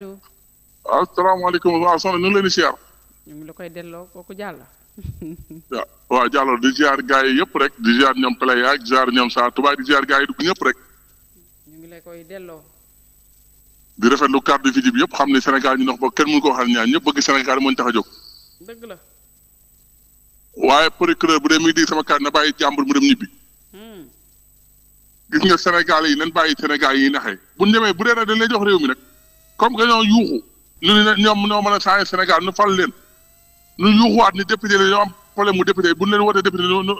waaw salaamaaleykum waaw soxna ñu ngi leen siyaar. ñu ngi la koy delloo kooku jàll. waaw waaw di siyaar gars yi yëpp rek di siyaar ñoom Pelaya di siyaar ñoom Saa Touba di siyaar gars yi dugg ñëpp rek. ñu ngi la koy delloo. di rafetlu kàddu fi bi yëpp xam ne Sénégal ñu dox ba kenn mënu ko waxal ñaar ñëpp bëgg Sénégal moo ñu tax a jóg. dëgg la. waaye procureur bu dee mi ngi sama kàddu na bàyyi jàmbur mu dem ñibbi. Hmm. gis nga Sénégal yi nañ bàyyi Sénégal yi naxee bu ñu bu dee nag dañ jox réew mi nag comme que ñoo yuuxu ñu ne ñoom Sénégal ñu fal leen ñu yuuxuwaat ni député la ñoo am problème mu député bu ñu leen wootee député yi ñu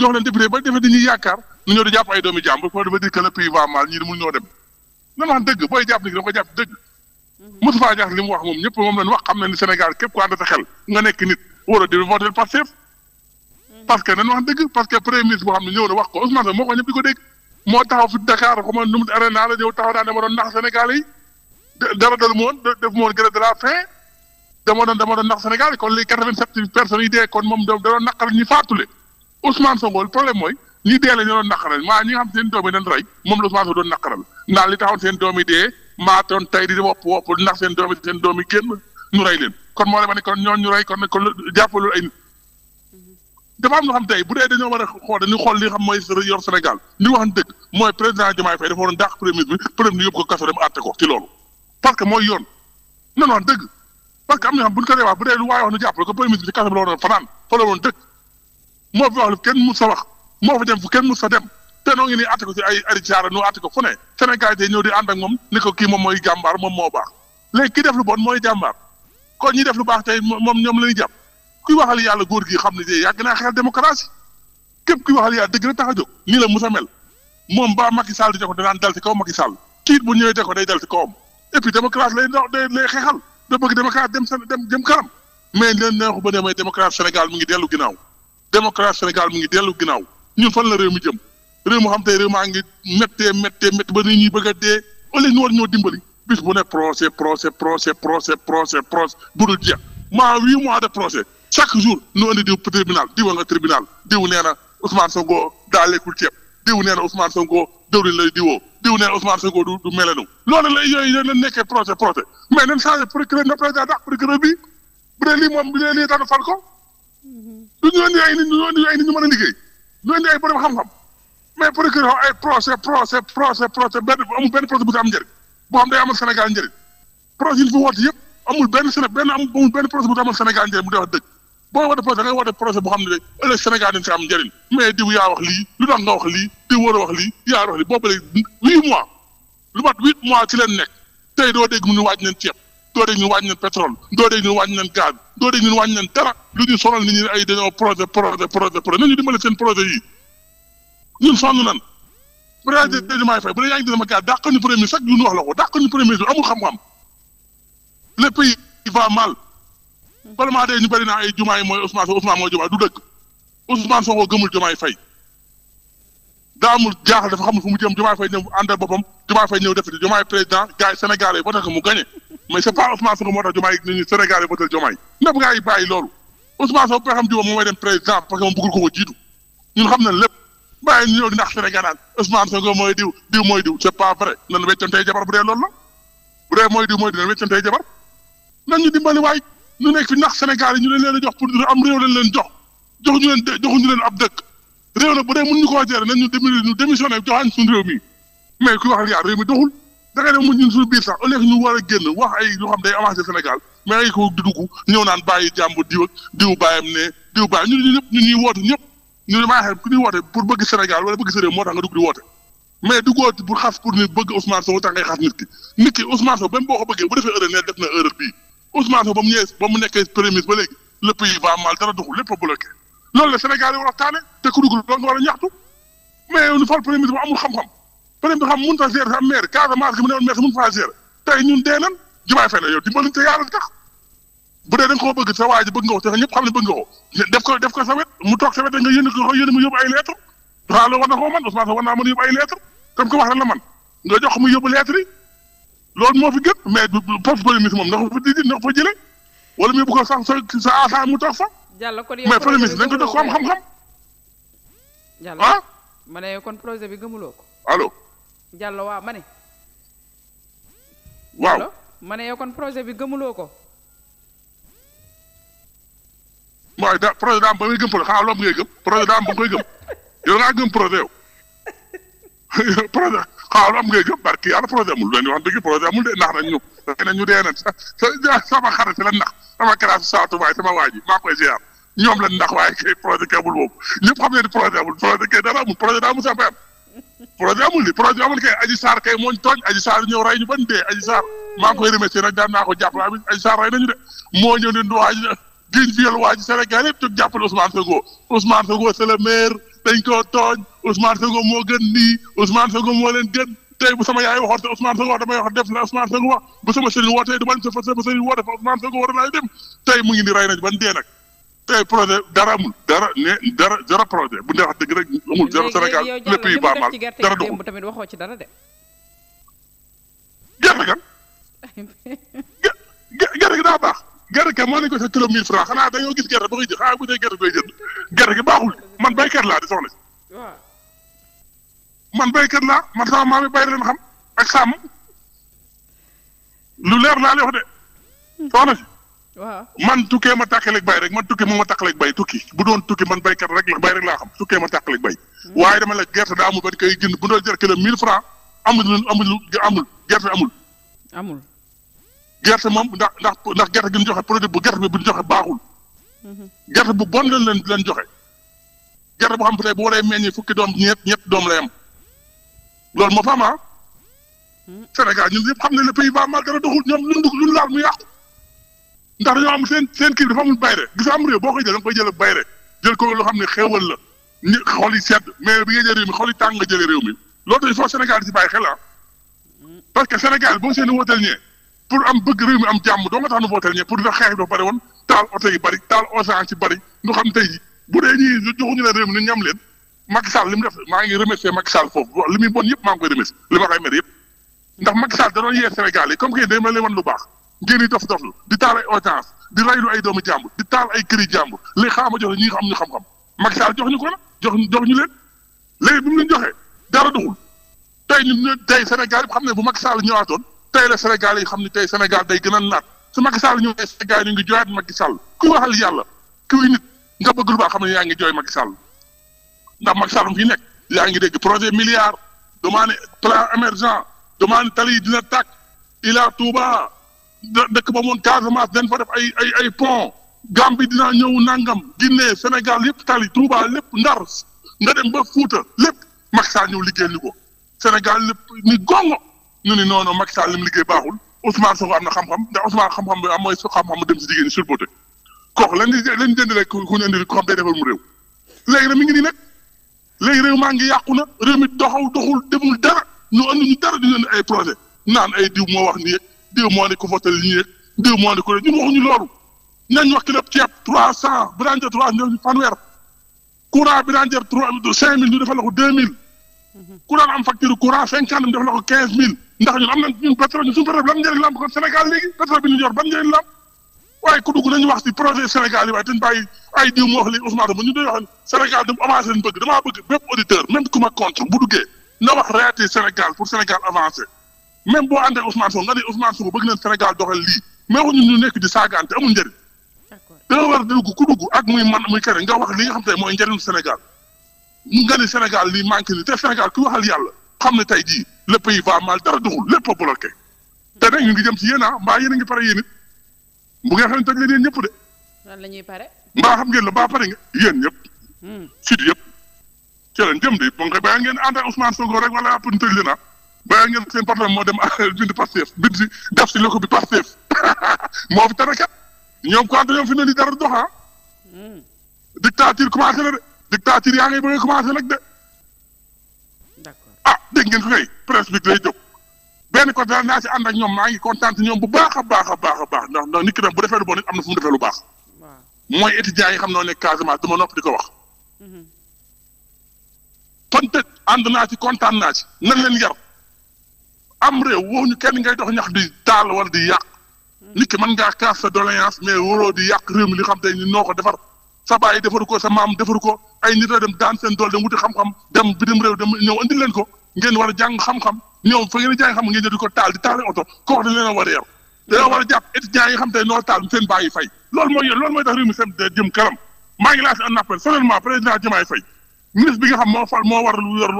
jox leen député yaakaar ñu ñëw di jàpp ay doomi jàmbur foofu dafa dire que le mal ñii di ñoo dem na la dëgg booy jàpp nit da ko jàpp dëgg mhm. Moustapha Diakhaté li mu wax moom ñëpp moom lañ wax xam na ni Sénégal képp ku ànd sa xel nga nekk nit war a di voter Pastef mhm. parce que nañ wax dëgg parce que premier ministre boo xam ne ñëw na wax ko Ousmane moo ko ñëpp di ko moo taxaw fi Dakar xaw ma nu mu arena la ñëw taxaw naa dama doon nax Sénégal yi dara dal ma def ma woon de la faim dama doon dama Sénégal yi kon li quatre-vingt-sept personnes yi dee kon moom da doon naqar ñu faatule Ousmane Sonko problème mooy ñi dee la ñu doon naqaral maa ñi xam seen doom yi dañ rey moom la Ousmane Sonko doon naqaral ndax li taxoon seen doom yi dee maa toon tey di wopp wopp ndax seen doom yi seen doom yi génn ñu rey leen dafa am loo xam tey bu dee dañoo war a xool dañuy xool li nga xam mooy yor Sénégal li wax dëgg mooy président Diomaye Faye dafa waroon dàq premier ministre bi premier ministre ko kaso dem àtte ko ci loolu parce que mooy yoon nan wax dëgg parce que am na xam bu ñu ko dee wax bu dee lu waaye wax nu jàppale ko premier ministre kaso bi la waroon fanaan fa la waroon dëkk moo fi wax lu kenn mu wax moo fa dem fu kenn mu sa dem te noo ngi nii àtte ko ci ay ari caara noo moom ni ko kii moom mooy jàmbaar moom moo baax léegi ki def lu bon def lu baax tey moom ñoom la ñuy kuy waxal yàlla góor gi xam ne de yàgg naa xeex démocratie képp kuy waxal yàlla dëgg la tax a jóg nii la Moussa moom baa Macky Sall di jox danaan dal ci kaw Macky Sall bu ñëwee jox day dal ci kawam et puis démocratie lay xeexal da bëgg démocratie dem dem dem mais leen neexu ba ne may démocratie Sénégal mu ngi dellu ginnaaw démocratie Sénégal mu ngi dellu ginnaaw ñun fan la réew mi jëm réew mu xam tey réew maa ngi méttee méttee méttee ba nit ñi bëgg a dee wala ñu war ñoo dimbali bis bu ne procès procès procès procès mois de procès chaque jour ñu andi diw tribunal diwa nga tribunal diw nee na Ousmane Sonko daa lekkul ceeb diw nee na Ousmane Sonko dëwlin lay diwoo diw nee na Ousmane Sonko du melenu loolu la yooyu yéen a nekkee projet projet mais nañ changé procureur na président ndax procureur bi bu dee lii moom bu dee lii dañu fal mm-hmm. du ñu andi ay nit ñu andi ay nit ñu mën a liggéey ñu andi ay amul benn projet bu am njëriñ boo xam amul benn Sénégal benn amul benn projet bu amal wax dëgg boo war a projet da ngay war a projet boo xam ne ëllëg Sénégal dañ si am njëriñ mais diw yaa wax lii lu tax nga wax lii diw war a wax lii yaa wax lii boobu léegi huit mois lu mat huit mois ci leen nekk tey doo dégg mu ñu wàññi leen ceeb doo dégg ñu wàññi leen pétrole doo dégg ñu wàññi leen gaz doo dégg ñu wàññi leen dara lu ñu sonal nit ñi ay dañoo projet projet projet projet nañu dimbale seen projet yi ñun sonn nan bu dee dañu may fay bu dee yaa ngi dina ma gaz dàq premier chaque wax la ko dàq ñu premier amul xam Colobane de ñu bëri naa ay jumaa yi mooy Ousmane Sonko jumaay fay daa amul jaaxal dafa xamul fu mu jëm jumaay fay ñëw àndal boppam jumaay fay ñëw def ci jumaay président gars yi Sénégal yi ba tax mu gagné jumaay nit ñi Sénégal yi ba tax jumaay lépp loolu Ousmane Sonko pexam jubam ko jiitu ñun xam nañ lépp bàyyi ñu ñëw di nax Sénégal naan Ousmane Sonko mooy diw diw mooy diw c'est pas vrai nan weccantey jabar bu dee loolu la bu dee mooy diw mooy diw nan weccantey jabar nan waay ñu nekk fi ndax Sénégal yi ñu leen leen a jox pour am réew lañ leen jox joxuñu leen joxuñu leen ab dëkk réew nag bu dee mënuñu koo gérer nañ ñu ñu démissionné joxaañ mu ñu war a génn wax ay loo xam day avancé Sénégal mais ay ko di ñëw naan bàyyi jàmbur diw ak diw bàyyam ne diw bàyyam ñu ñu ñëpp ñu ñuy woote ñëpp ñu ne maa xam ku woote pour bëgg Sénégal wala bëgg sa moo tax nga dugg di woote mais du góor xas pour ni bëgg Ousmane Sow tax ngay xas nit ki nit ki Ousmane Sow même boo Ousmane Sonko ba mu nekkee premier ba léegi le pays va mal dara doxul lépp a bloqué loolu la Sénégal yi war te ku dugg loolu nga war mais ñu fal premier ministre ba amul xam-xam premier ministre xam mënut a gérer sa maire Casamance gi mu newoon maire tey ñun dee nañ jumaay fay na yow dimbali te yàlla tax bëgg sa waa ji bëgg nga ko te ñëpp xam ne bëgg nga def ko def mu toog sa nga yéen ko yéen mu yóbbu ay lettre waaw a yóbbu ay lettre comme que loolu moo fi gën mais du poste polémique moom ndax fa di ndax fa jëlee wala muy bu ko sax sa sa asaan mu toog fa. jàll kon mais polémique dañ ko jox ko am xam-xam. jàll ah. ma kon projet bi gëmuloo ko. allo. jàll waaw ma ne. waaw ma ne kon projet bi gëmuloo ko. waaye da projet daa am ba muy gëm projet xaaral loo am ngay gëm projet daa am ba koy gëm yow ngaa gëm projet yow. projet xaaral am ngay gëm barki yàlla projet amul leen wax dëgg projet amul de nax nañ ñu rey dee nañ sa sama xarit la nax sama classe saatu waay sama waa ji maa koy ziar ñoom lañ ndax waaye kay projet kay amul boobu ñëpp xam dara amul projet daa amul sa pep projet amul li projet amul kay Adji Sarr kay mooñ tooñ Adji Sarr ñëw rey ñu ban dee Adji Sarr maa koy remercier nag daan naa ko jàppale amit Adji Sarr rey nañu de moo ñëw ne du waa ji géej viol waa ji Sénégal yëpp jóg jàppale Ousmane dañ koo tooñ Ousmane Sonko moo gën nii Ousmane Sonko moo leen gën tey bu sama yaay waxoon te Ousmane Sonko wax damay wax def la Ousmane Sonko wax bu sama sëriñ wootee du ma dem sa sama sëriñ woote fa Ousmane Sonko war naa dem tey mu ngi ni rey nañ ban dee nag projet dara amul dara ne dara dara projet bu ñu wax dëgg rek amul dara yi baax maal dara du dara de. gerte kan ah. gerte gi daa baax. gerte gi maa nañu ko sa kilo mille franc xanaa dañoo gis gerte ba koy jël xanaa bu dee gerte doy jënd gerte gi baaxul man béykat laa di soxna si man man sama maam yi béy leen xam sàmm lu leer laa lay wax de hmm. soxna si. waaw man tukkee ma tàkkaleeg bay rek man tukki mu ma tàkkaleeg bay tukki bu doon tukki man baykat rek la xam tukkee ma tàkkaleeg bay. Hmm. waaye dama la gerte daa amul ba koy jënd bu doon jar kilo mille franc amul amul gerte amul. amul. gerte moom ndax ndax ndax gerte gi ñu joxe produit bu gerte bi bu ñu joxe baaxul. gerte bu bon la leen leen joxe. gerte boo xam ne bu waree meññi fukki doom ñett ñett doom lay loolu moo fa am ah. hmm. Sénégal ñun ñëpp xam ne le pays va mal dara doxul ñoom luñ dugg luñ laal mu yàqu. ndax dañoo am seen seen kii bi dafa amul bayre gis am réew boo koy jël da nga koy jël bayre jël ko loo xam ne xéewal la ñu xol yi sedd mais bi nga jël réew mi xol yi tàng nga jëlee réew mi loolu dañu foog Sénégal di si bàyyi xel ah. hmm. parce que Sénégal boo seen i wooteel ñee pour am bëgg réew mi am jàmm doo nga tax nu vooteel ñe pour dina xeex bi dafa bëri woon taal oto yi bëri taal océan ci bëri ñu ñam leen Macky Sall li mu def maa ngi remercier Macky Sall foofu li muy bon yëpp maa ngi koy remercier li ma koy mer yëpp ndax Macky Sall da doon yee Sénégal yi comme que day mel ni wan lu baax ngeen dof dof lu di taal ay audience di raylu ay doomu jàmbur di taal ay këri jàmbur léegi xaama jox ñi nga xam ñu xam-xam Macky Sall jox ñu ko na jox jox ñu leen léegi bi mu leen joxee dara duxul tey ñun tey xam ne bu Macky Sall ñëwaatoon tey la Sénégal yi xam ne tey Sénégal day gën a naat su Macky Sall ñëw tey Sénégal yi ñu ngi jooyaat Macky Sall kuy waxal yàlla kuy nit nga bëgg lu baax xam ne yaa ngi jooy Macky Sall ndax Macky Sall mu fi nekk yaa ngi dégg projet milliard demande plan émergent demande tali dina takk Ila Touba dëkk ba moon Casamance dañ fa def ay ay ay pont dinaa ñëw nangam Guinée Sénégal yëpp tali Touba lépp Ndar nga dem ba Fuuta lépp Macky ñëw liggéeyal ñu ko Sénégal lépp ñu ni non non Macky li mu liggéey baaxul Ousmane Sonko am na xam-xam ndax Ousmane xam-xam bi am mooy xam-xam mu dem si jigéen ñi surboté kooku lan lañ jënd rek ku ñu indi xam day defar mu réew léegi nag mi ngi nii nag léegi ngi yàqu na réew mi doxaw doxul demul dara ñu andi ñu dara ñu andi ay projet naan ay diw moo wax nii yëg diw moo ne ko votal nii yëg diw moo ne ko ñun waxuñu loolu nañ wax kilo ceeb trois cent bu trois ñu fanweer courant bi trois cinq mille ñu defal ko deux mille mhm. ku am facture ndax ñun am nañ ñun pétrole ñun suñu pétrole bi lan njëriñ la am Sénégal léegi pétrole bi yor ban njëriñ la waaye ku dugg nañu wax projet Sénégal yi waaye dañ bàyyi ay diw mu wax li Ousmane ba ñu doon wax ne Sénégal dem avancé lañ bëgg damaa bëgg bépp auditeur même ku contre bu duggee na wax réalité Sénégal pour Sénégal avancé même boo àndee Ousmane Sonko nga ne Ousmane bëgg nañ Sénégal doxal lii mais waxuñu ñu nekk di saagante amul njëriñ da war a ku dugg muy man muy keneen nga wax li nga xam te mooy njëriñu Sénégal nga ne Sénégal lii manqué ni te Sénégal ku yàlla xam ne tey jii lépp pays va mal dara duxul lépp a bloqué te ñu ngi jëm si yéen ah mbaa yéen a ngi pare yéen it bu ngeen toj leen yéen ñëpp de. lan la ñuy pare. mbaa xam ngeen la mbaa pare nga yéen ñëpp. Hmm. sud yëpp ci lañ jëm de bon kay bàyyi ngeen ànd ak Ousmane Sonko rek wala àpp ñu toj leen ah bàyyi ngeen seen problème moo dem bind Pastef bind si def si loxo bi Pastef moo fi tere kat ñoom quoi dañoo fi ne dara dox ah. hmm. dictature commencé na de dictature yaa ngay bëgg a commencé de. dégg ngeen ko kay presse bi day benn côté daal naa si ànd ak ñoom maa ngi kontaan ñoom bu baax a baax a baax a baax ndax ndax nit ki bu defee lu bon nit am na fu defee lu baax. mooy étudiants yi xam noo ne Casamance du ma nopp di ko wax. Mm-hmm. kon tëj ànd naa ci kontaan naa ci nan leen yar am réew woo ñu kenn ngay dox ñax di taal wala di yàq. Mm-hmm. nit ki mën ngaa kaas sa doléance mais waroo di yàq réew mi li xam te ni noo ko defar sa baay ko sa maam defar ko ay nit a dem daan seen dool dem wuti xam-xam dem bitim réew dem ñëw andil leen ko. ngeen war a jàng xam-xam ñoom fa ngeen a jàng xam ngeen di ko taal di taale oto ko wax dañ leen a war a yor dañoo war a jàpp étudiants yi xam tey noo taal seen bàyyi fay loolu nga xam moo fal moo war lu yor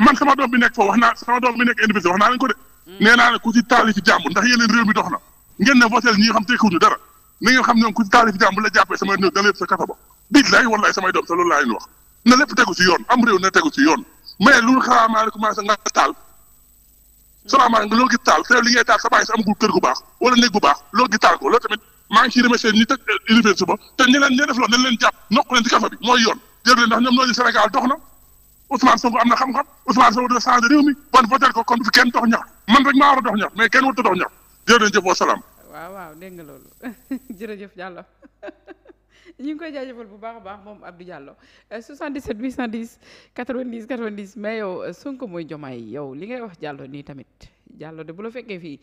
man sama doom bi nekk foofu wax naa sama doom bi nekk université wax naa leen ko de hmm. nee naa ne ku ci taali fi jàmbur ndax yéen réew mi dox na ngeen ne votel ñi nga xam tekkuñu dara na ngeen xam ñoom ku ci taali la jàppee sama néew dalee sa kasa billaay wallaay samay doom sa loolu laa leen wax na lépp tegu si yoon am réew na tegu si yoon mais lu salaamaaleykum commencé nga taal salaamaaleykum loo gis taal te li maa ngi ciy remercier ñi tëj eh, université ba te ñi leen ñe def loolu am na xam-xam Ousmane Sonko da changé réew mi bon votel ko kon fi kenn dox ñax man rek maa war a dox ñax mais kenn warut a dox ñax jërë leen jëf wa salaam waaw waaw dégg nga loolu jërëjëf Diallo ñu ngi koy jaajëfal bu baax a baax moom ab jàllo Diallo 77 810 90 90 mais yow Sonko mooy jomaay yow li ngay wax Diallo nii tamit Diallo de bu la fekkee fii